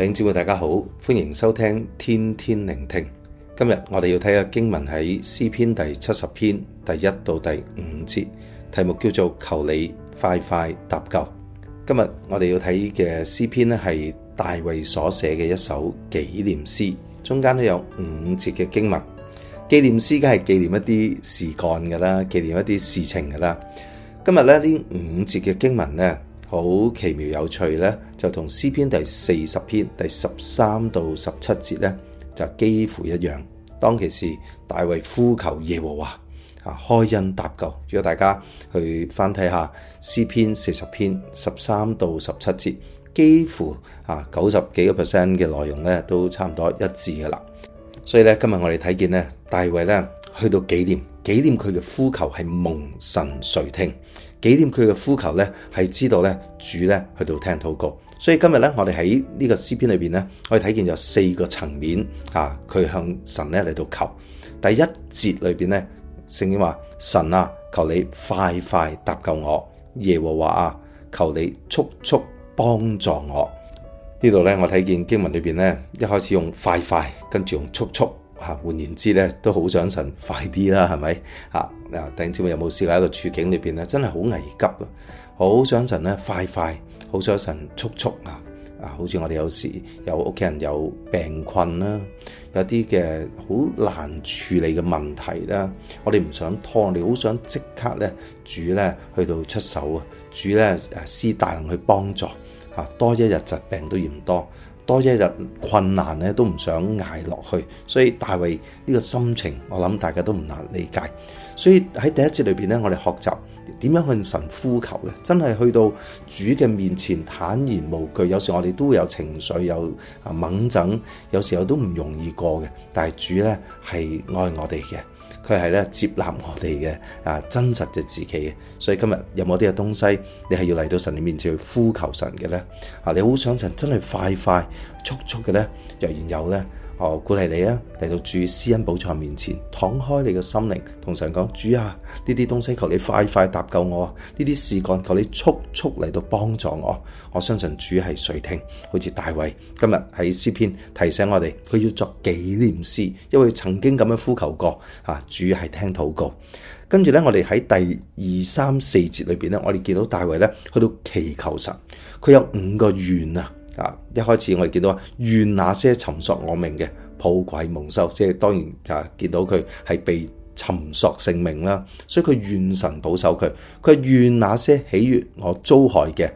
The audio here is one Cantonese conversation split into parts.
聽眾朋友大家好，歡迎收聽天天聆聽。今日我哋要睇嘅經文喺詩篇第七十篇第一到第五節，題目叫做求你快快搭救。今日我哋要睇嘅詩篇咧係大衛所寫嘅一首紀念詩，中間都有五節嘅經文。紀念詩梗係紀念一啲事幹噶啦，紀念一啲事情噶啦。今日咧呢五節嘅經文咧。好奇妙有趣呢，就同詩篇第四十篇第十三到十七節呢，就幾乎一樣。當其時，大衛呼求耶和華，啊，開恩搭救。如果大家去翻睇下詩篇四十篇十三到十七節，幾乎啊九十幾個 percent 嘅內容呢都差唔多一致噶啦。所以呢，今日我哋睇見呢，大衛呢去到紀念，紀念佢嘅呼求係蒙神垂聽。紀念佢嘅呼求咧，係知道咧主咧去到聽禱告，所以今日咧我哋喺呢個詩篇裏邊咧，我哋睇見有四個層面啊，佢向神咧嚟到求。第一節裏邊咧，聖經話神啊，求你快快搭救我；耶和華啊，求你速速幫助我。呢度咧，我睇見經文裏邊咧，一開始用快快，跟住用速速。啊，換言之咧，都好想神快啲啦，係咪？啊，定知有冇試過喺一個處境裏邊咧，真係好危急啊！好想神咧，快快，好想神速速啊！啊，好似我哋有時有屋企人有病困啦，有啲嘅好難處理嘅問題啦，我哋唔想拖，我哋好想即刻咧主咧去到出手啊，主咧施大能去幫助啊，多一日疾病都嫌多。多一日困難咧，都唔想捱落去，所以大衛呢個心情，我諗大家都唔難理解。所以喺第一節裏邊咧，我哋學習點樣向神呼求咧，真係去到主嘅面前坦然無懼。有時我哋都會有情緒，有啊猛震，有時候都唔容易過嘅。但係主咧係愛我哋嘅。佢係咧，接納我哋嘅，啊真實嘅自己，所以今日有冇啲嘅東西，你係要嚟到神嘅面前去呼求神嘅咧？啊，你好想神真係快快速速嘅咧？若然有咧。哦、呃，鼓勵你啊，嚟到主施恩寶座面前，敞開你個心靈，同神講，主啊，呢啲東西求你快快搭救我，呢啲事幹求你速速嚟到幫助我。我相信主係垂聽，好似大衛今日喺詩篇提醒我哋，佢要作紀念詩，因為曾經咁樣呼求過啊。主係聽禱告，跟住呢，我哋喺第二三四節裏邊呢，我哋見到大衛呢去到祈求神，佢有五個願啊。啊！一開始我哋見到願那些尋索我命嘅抱愧蒙羞。即係當然啊，見到佢係被尋索性命啦，所以佢願神保守佢。佢願那些喜悅我遭害嘅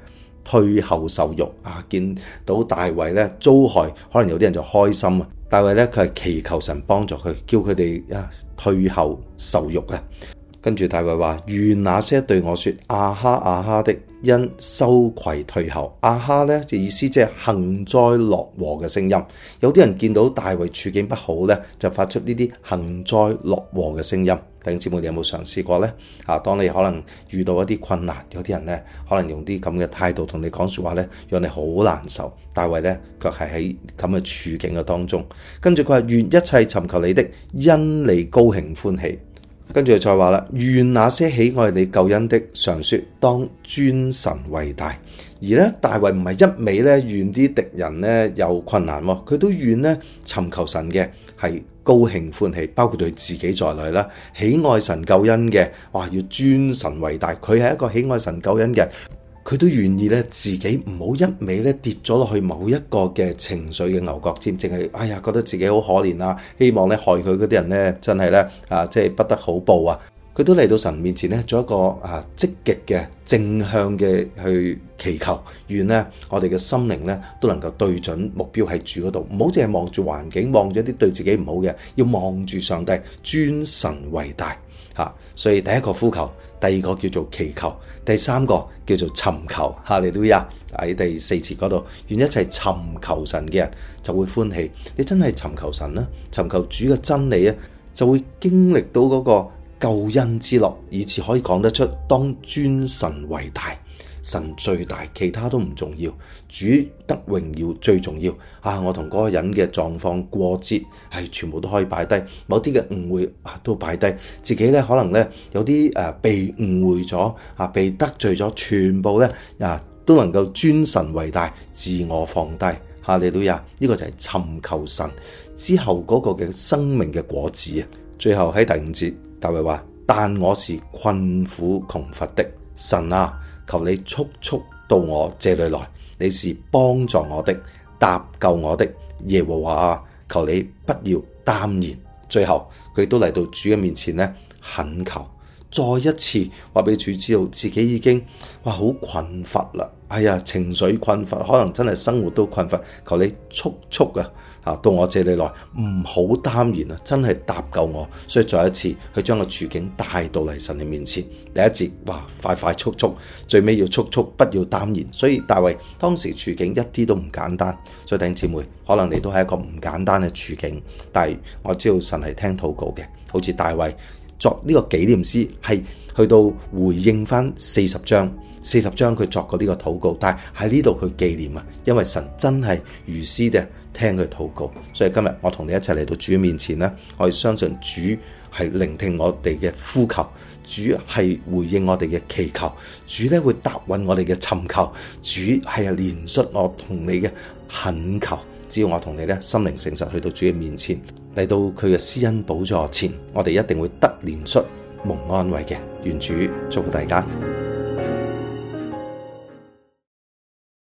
退後受辱啊！見到大衛呢遭害，可能有啲人就開心啊，大衛呢佢係祈求神幫助佢，叫佢哋啊退後受辱啊。跟住大衛話：願那些對我說阿哈阿哈的，因羞愧退後。阿哈呢就意思即係幸災樂禍嘅聲音。有啲人見到大衛處境不好呢，就發出呢啲幸災樂禍嘅聲音。弟兄姐妹，你有冇嘗試過呢？啊，當你可能遇到一啲困難，有啲人呢可能用啲咁嘅態度同你講說話呢，讓你好難受。大衛呢，卻係喺咁嘅處境嘅當中。跟住佢話：願一切尋求你的，因你高興歡喜。跟住再話啦，願那些喜愛你救恩的，常說當尊神為大。而咧大衛唔係一味咧願啲敵人咧有困難，佢都願咧尋求神嘅係高興歡喜，包括對自己在內啦，喜愛神救恩嘅，話要尊神為大，佢係一個喜愛神救恩嘅。佢都願意咧，自己唔好一味咧跌咗落去某一個嘅情緒嘅牛角尖，淨係哎呀覺得自己好可憐啦、啊。希望咧害佢嗰啲人咧，真係咧啊，即係不得好報啊！佢都嚟到神面前咧，做一個啊積極嘅正向嘅去祈求，願咧我哋嘅心靈咧都能夠對準目標喺主嗰度，唔好淨係望住環境，望住一啲對自己唔好嘅，要望住上帝，尊神為大。啊！所以第一個呼求，第二個叫做祈求，第三個叫做尋求。哈利路亞，喺第四節嗰度，願一切尋求神嘅人就會歡喜。你真係尋求神啦、啊，尋求主嘅真理啊，就會經歷到嗰個救恩之樂，以至可以講得出當尊神為大。神最大，其他都唔重要，主得榮耀最重要。啊，我同嗰個人嘅狀況過節，係全部都可以擺低，某啲嘅誤會、啊、都擺低，自己呢，可能呢，有啲誒被誤會咗啊，被得罪咗，全部呢，啊都能夠尊神為大，自我放低。吓，哈利路亞，呢個就係尋求神之後嗰個嘅生命嘅果子啊。最後喺第五節大衛話：但我是困苦窮乏的；神啊！求你速速到我這裏來，你是幫助我的，搭救我的。耶和華啊，求你不要耽延。最後佢都嚟到主嘅面前咧，懇求。再一次話俾主知道自己已經哇，好困乏啦。哎呀，情緒困乏，可能真係生活都困乏，求你速速啊，啊到我這裏來，唔好耽延啊，真係搭救我，所以再一次去將個處境帶到嚟神嘅面前。第一節，哇，快快速速，最尾要速速，不要耽延。」所以大衛當時處境一啲都唔簡單，所以弟兄姊妹，可能你都係一個唔簡單嘅處境，但係我知道神係聽禱告嘅，好似大衛。作呢個紀念詩係去到回應翻四十章，四十章佢作過呢個禱告，但係喺呢度佢紀念啊，因為神真係如師嘅聽佢禱告，所以今日我同你一齊嚟到主面前啦，我哋相信主係聆聽我哋嘅呼求，主係回應我哋嘅祈求，主咧會答允我哋嘅尋求，主係憐恤我同你嘅懇求。只要我同你咧心靈誠實，去到主嘅面前，嚟到佢嘅施恩寶座前，我哋一定會得憐恤、蒙安慰嘅。願主祝福大家。